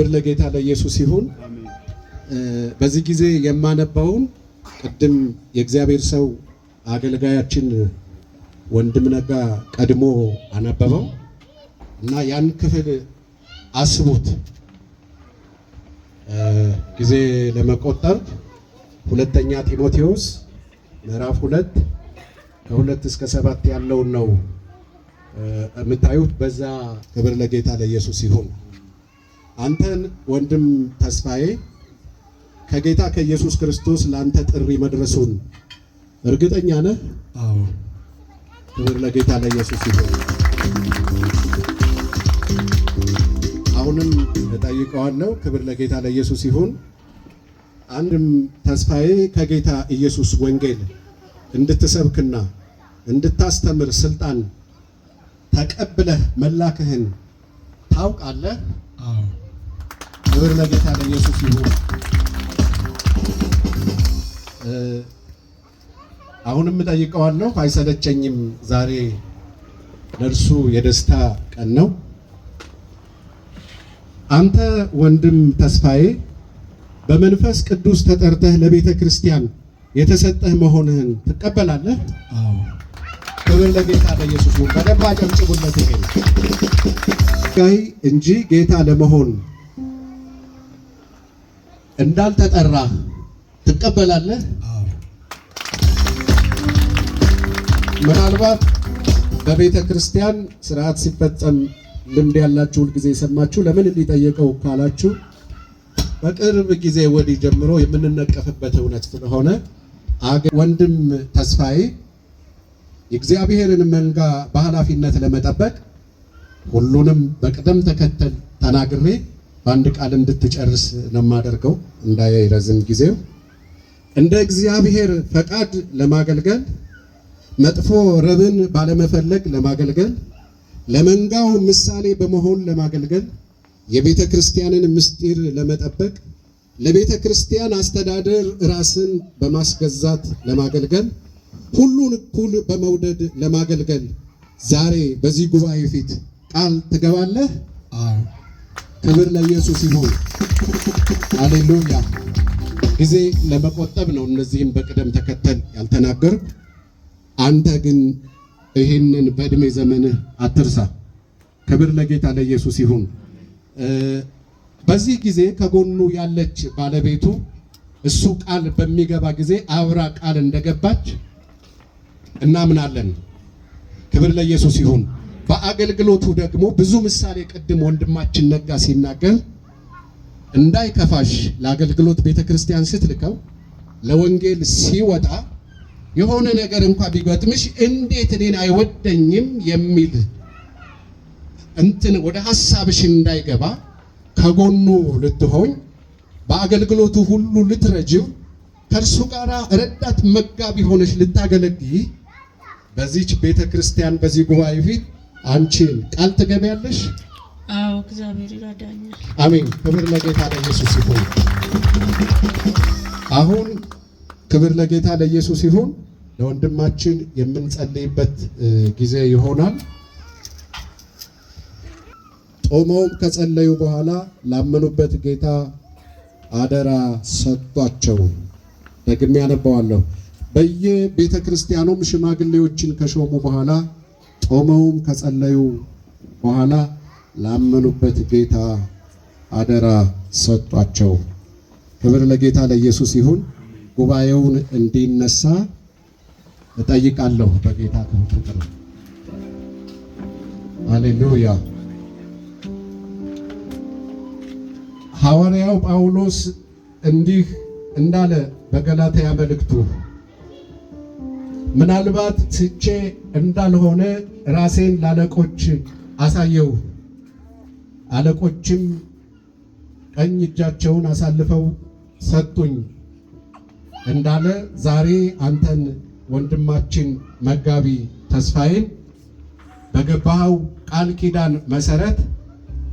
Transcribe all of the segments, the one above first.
ክብር ለጌታ ለኢየሱስ ይሁን። በዚህ ጊዜ የማነባውን ቅድም የእግዚአብሔር ሰው አገልጋያችን ወንድም ነጋ ቀድሞ አነበበው እና ያን ክፍል አስቡት። ጊዜ ለመቆጠብ ሁለተኛ ጢሞቴዎስ ምዕራፍ ሁለት ከሁለት እስከ ሰባት ያለውን ነው የምታዩት። በዛ ክብር ለጌታ ለኢየሱስ ይሁን። አንተን ወንድም ተስፋዬ ከጌታ ከኢየሱስ ክርስቶስ ለአንተ ጥሪ መድረሱን እርግጠኛ ነህ? አዎ። ክብር ለጌታ ለኢየሱስ ይሁን። አሁንም እጠይቀዋለሁ። ክብር ለጌታ ለኢየሱስ ይሁን። አንድም ተስፋዬ ከጌታ ኢየሱስ ወንጌል እንድትሰብክና እንድታስተምር ስልጣን ተቀብለህ መላክህን ታውቃለህ? አዎ። ክብር ለጌታ ለኢየሱስ ይሁን። አሁንም እጠይቀዋለሁ፣ አይሰለቸኝም። ዛሬ ለእርሱ የደስታ ቀን ነው። አንተ ወንድም ተስፋዬ በመንፈስ ቅዱስ ተጠርተህ ለቤተ ክርስቲያን የተሰጠህ መሆንህን ትቀበላለህ? ክብር ለጌታ ለኢየሱስ ይሁን። በደንብ አጨብጭቡለት። ይሄ ጋይ እንጂ ጌታ ለመሆን እንዳልተጠራ ትቀበላለህ? ምናልባት በቤተ ክርስቲያን ስርዓት ሲፈጸም ልምድ ያላችሁ ሁልጊዜ የሰማችሁ ለምን እንዲጠየቀው ካላችሁ በቅርብ ጊዜ ወዲህ ጀምሮ የምንነቀፍበት እውነት ስለሆነ ወንድም ተስፋዬ የእግዚአብሔርን መንጋ በኃላፊነት ለመጠበቅ ሁሉንም በቅደም ተከተል ተናግሬ በአንድ ቃል እንድትጨርስ ነው የማደርገው እንዳይረዝም ጊዜው። እንደ እግዚአብሔር ፈቃድ ለማገልገል መጥፎ ረብን ባለመፈለግ ለማገልገል ለመንጋው ምሳሌ በመሆን ለማገልገል የቤተ ክርስቲያንን ምስጢር ለመጠበቅ ለቤተ ክርስቲያን አስተዳደር ራስን በማስገዛት ለማገልገል ሁሉን እኩል በመውደድ ለማገልገል ዛሬ በዚህ ጉባኤ ፊት ቃል ትገባለህ? አዎ። ክብር ለኢየሱስ ይሁን። አሌሉያ። ጊዜ ለመቆጠብ ነው እነዚህም በቅደም ተከተል ያልተናገር አንተ ግን ይህንን በእድሜ ዘመንህ አትርሳ። ክብር ለጌታ ለኢየሱስ ይሁን። በዚህ ጊዜ ከጎኑ ያለች ባለቤቱ እሱ ቃል በሚገባ ጊዜ አብራ ቃል እንደገባች እናምናለን። ክብር ለኢየሱስ ይሁን። በአገልግሎቱ ደግሞ ብዙ ምሳሌ ቅድም ወንድማችን ነጋ ሲናገር እንዳይከፋሽ ለአገልግሎት ቤተ ክርስቲያን ስትልከው ለወንጌል ሲወጣ የሆነ ነገር እንኳ ቢገጥምሽ እንዴት እኔን አይወደኝም የሚል እንትን ወደ ሀሳብሽ እንዳይገባ ከጎኑ ልትሆኝ በአገልግሎቱ ሁሉ ልትረጅው ከእርሱ ጋር ረዳት መጋቢ ሆነሽ ልታገለግይ በዚች ቤተ ክርስቲያን በዚህ ጉባኤ ፊት አንቺን ቃል ትገቢያለሽ? አዎ፣ እግዚአብሔር ይረዳኛል። አሜን። ክብር ለጌታ ለኢየሱስ ይሁን። አሁን ክብር ለጌታ ለኢየሱስ ይሁን። ለወንድማችን የምንጸልይበት ጊዜ ይሆናል። ጾመውም ከጸለዩ በኋላ ላመኑበት ጌታ አደራ ሰጥቷቸው። ደግሜ ያነባዋለሁ። በየቤተ ክርስቲያኑም ሽማግሌዎችን ከሾሙ በኋላ ጾመውም ከጸለዩ በኋላ ላመኑበት ጌታ አደራ ሰጧቸው። ክብር ለጌታ ለኢየሱስ ይሁን። ጉባኤውን እንዲነሳ እጠይቃለሁ። በጌታ ፍቅር አሌሉያ። ሐዋርያው ጳውሎስ እንዲህ እንዳለ በገላትያ መልእክቱ ምናልባት ትቼ እንዳልሆነ ራሴን ላለቆች አሳየው። አለቆችም ቀኝ እጃቸውን አሳልፈው ሰጡኝ እንዳለ ዛሬ አንተን ወንድማችን መጋቢ ተስፋዬን በገባኸው ቃል ኪዳን መሰረት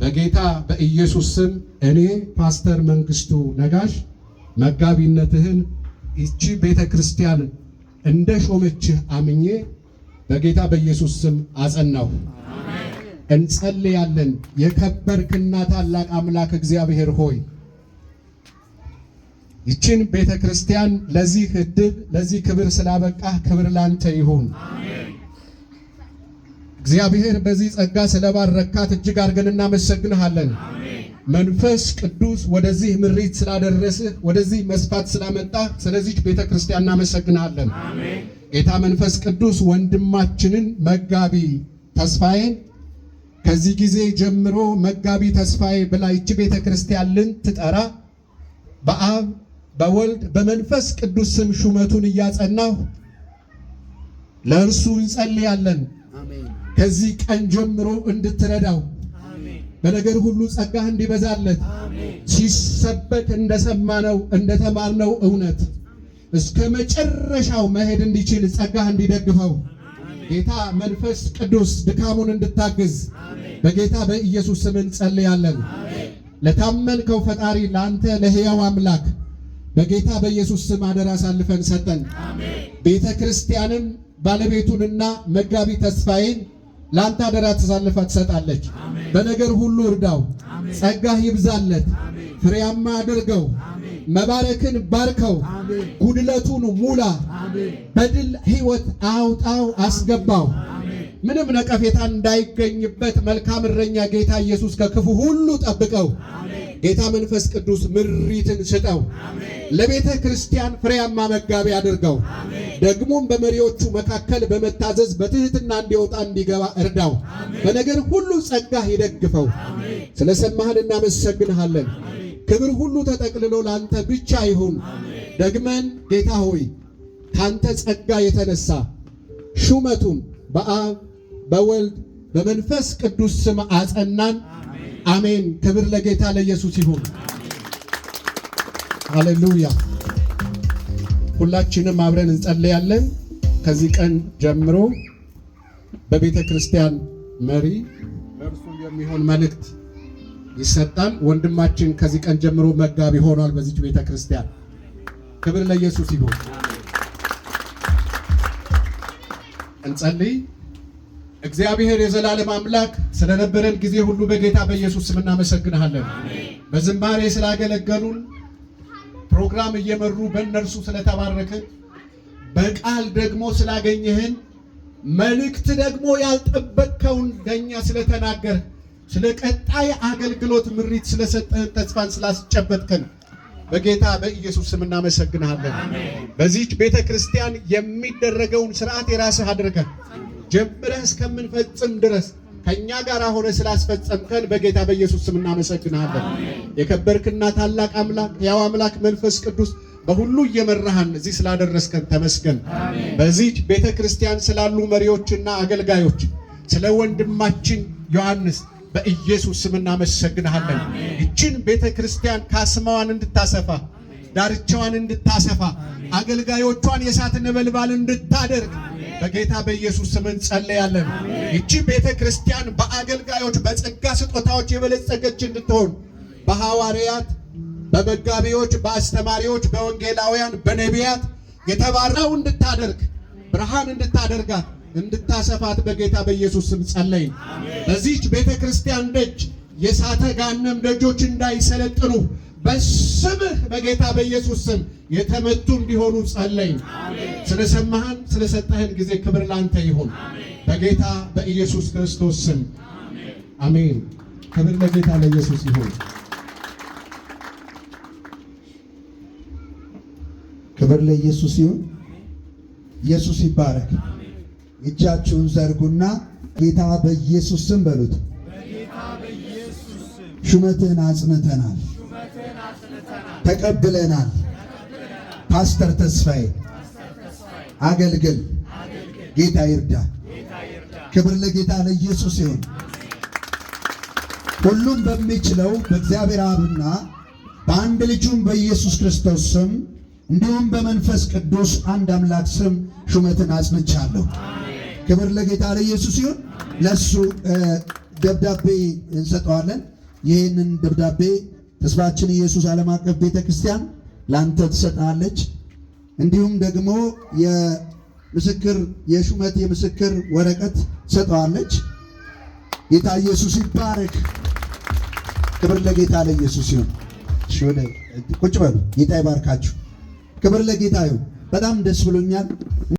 በጌታ በኢየሱስ ስም እኔ ፓስተር መንግስቱ ነጋሽ መጋቢነትህን ይቺ ቤተ ክርስቲያን እንደ ሾመችህ አምኜ በጌታ በኢየሱስ ስም አጸናሁ። እንጸልያለን። የከበርክና ታላቅ አምላክ እግዚአብሔር ሆይ ይችን ቤተ ክርስቲያን ለዚህ እድል ለዚህ ክብር ስላበቃህ ክብር ላንተ ይሁን። እግዚአብሔር በዚህ ጸጋ ስለባረካት እጅግ አድርገን እናመሰግንሃለን። መንፈስ ቅዱስ ወደዚህ ምሪት ስላደረስህ ወደዚህ መስፋት ስላመጣ ስለዚች ቤተ ክርስቲያን እናመሰግናለን። ጌታ መንፈስ ቅዱስ ወንድማችንን መጋቢ ተስፋዬን ከዚህ ጊዜ ጀምሮ መጋቢ ተስፋዬ ብላ ይቺ ቤተ ክርስቲያን ልትጠራ በአብ በወልድ በመንፈስ ቅዱስ ስም ሹመቱን እያጸናሁ ለእርሱ እንጸልያለን። ከዚህ ቀን ጀምሮ እንድትረዳው በነገር ሁሉ ጸጋህ እንዲበዛለት ሲሰበክ እንደሰማነው እንደተማርነው እውነት እስከ መጨረሻው መሄድ እንዲችል ጸጋህ እንዲደግፈው ጌታ መንፈስ ቅዱስ ድካሙን እንድታግዝ በጌታ በኢየሱስ ስም እንጸልያለን። ለታመንከው ፈጣሪ ለአንተ ለሕያው አምላክ በጌታ በኢየሱስ ስም አደራ አሳልፈን ሰጠን። ቤተ ክርስቲያንም ባለቤቱንና መጋቢ ተስፋዬን ለአንተ አደራ ተሳልፋ ትሰጣለች። በነገር ሁሉ እርዳው፣ ጸጋህ ይብዛለት፣ ፍሬያማ አድርገው፣ መባረክን ባርከው፣ ጉድለቱን ሙላ፣ በድል ህይወት አውጣው አስገባው። ምንም ነቀፌታ እንዳይገኝበት መልካም እረኛ ጌታ ኢየሱስ ከክፉ ሁሉ ጠብቀው። ጌታ መንፈስ ቅዱስ ምሪትን ስጠው። ለቤተ ክርስቲያን ፍሬያማ መጋቢ አድርገው። ደግሞም በመሪዎቹ መካከል በመታዘዝ በትህትና እንዲወጣ እንዲገባ እርዳው። በነገር ሁሉ ጸጋህ ይደግፈው። ስለሰማህን እናመሰግንሃለን። ክብር ሁሉ ተጠቅልሎ ለአንተ ብቻ ይሁን። ደግመን ጌታ ሆይ ካንተ ጸጋ የተነሳ ሹመቱን በአብ በወልድ በመንፈስ ቅዱስ ስም አጸናን። አሜን። ክብር ለጌታ ለኢየሱስ ይሁን። ሃሌሉያ ሁላችንም አብረን እንጸለያለን። ከዚህ ቀን ጀምሮ በቤተ ክርስቲያን መሪ ለእርሱ የሚሆን መልእክት ይሰጣል። ወንድማችን ከዚህ ቀን ጀምሮ መጋቢ ሆኗል በዚች ቤተ ክርስቲያን። ክብር ለኢየሱስ ይሁን። እንጸልይ። እግዚአብሔር የዘላለም አምላክ ስለነበረን ጊዜ ሁሉ በጌታ በኢየሱስ ስም እናመሰግንሃለን። በዝማሬ ስላገለገሉን ፕሮግራም እየመሩ በእነርሱ ስለተባረክን፣ በቃል ደግሞ ስላገኘህን፣ መልእክት ደግሞ ያልጠበቅከውን ለእኛ ስለተናገር፣ ስለ ቀጣይ አገልግሎት ምሪት ስለሰጠህን፣ ተስፋን ስላስጨበጥከን በጌታ በኢየሱስ ስም እናመሰግንሃለን። በዚች ቤተ ክርስቲያን የሚደረገውን ስርዓት የራስህ አድርገህ ጀምረህ እስከምንፈጽም ድረስ ከእኛ ጋር ሆነ ስላስፈጸምከን በጌታ በኢየሱስ ስም እናመሰግናለን። የከበርክና ታላቅ አምላክ ያው አምላክ መንፈስ ቅዱስ በሁሉ እየመራህን እዚህ ስላደረስከን ተመስገን። በዚህ ቤተ ክርስቲያን ስላሉ መሪዎችና አገልጋዮች ስለ ወንድማችን ዮሐንስ በኢየሱስ ስም እናመሰግንሃለን። ይችን ቤተ ክርስቲያን ካስማዋን እንድታሰፋ ዳርቻዋን እንድታሰፋ አገልጋዮቿን የእሳት ነበልባል እንድታደርግ በጌታ በኢየሱስ ስም እንጸለያለን። ይቺ ቤተ ክርስቲያን በአገልጋዮች በጸጋ ስጦታዎች የበለጸገች እንድትሆን በሐዋርያት፣ በመጋቢዎች፣ በአስተማሪዎች፣ በወንጌላውያን፣ በነቢያት የተባረው እንድታደርግ ብርሃን እንድታደርጋት እንድታሰፋት በጌታ በኢየሱስ ስም ጸለይ። በዚች ቤተ ክርስቲያን ደጅ የሳተ ገሃነም ደጆች እንዳይሰለጥኑ በስምህ በጌታ በኢየሱስ ስም የተመቱ እንዲሆኑ ጸለይ። ስለሰማህን ስለሰጠህን ጊዜ ክብር ላንተ ይሁን፣ በጌታ በኢየሱስ ክርስቶስ ስም አሜን። ክብር ለጌታ ለኢየሱስ ይሁን። ክብር ለኢየሱስ ይሁን። ኢየሱስ ይባረክ። እጃችሁን ዘርጉና ጌታ በኢየሱስ ስም በሉት። ሹመትህን አጽንተናል፣ ተቀብለናል። ፓስተር ተስፋዬ አገልግል። ጌታ ይርዳ። ክብር ለጌታ ለኢየሱስ ይሁን። ሁሉም በሚችለው በእግዚአብሔር አብና በአንድ ልጁም በኢየሱስ ክርስቶስ ስም እንዲሁም በመንፈስ ቅዱስ አንድ አምላክ ስም ሹመትን አጽንቻለሁ። ክብር ለጌታ ለኢየሱስ ይሁን። ለእሱ ደብዳቤ እንሰጠዋለን። ይህንን ደብዳቤ ተስፋችን ኢየሱስ ዓለም አቀፍ ቤተ ክርስቲያን ለአንተ ትሰጣለች። እንዲሁም ደግሞ የምስክር የሹመት የምስክር ወረቀት ሰጠዋለች። ጌታ ኢየሱስ ይባረክ። ክብር ለጌታ ለኢየሱስ ይሁን። ቁጭ በሉ። ጌታ ይባርካችሁ። ክብር ለጌታ ይሁን። በጣም ደስ ብሎኛል።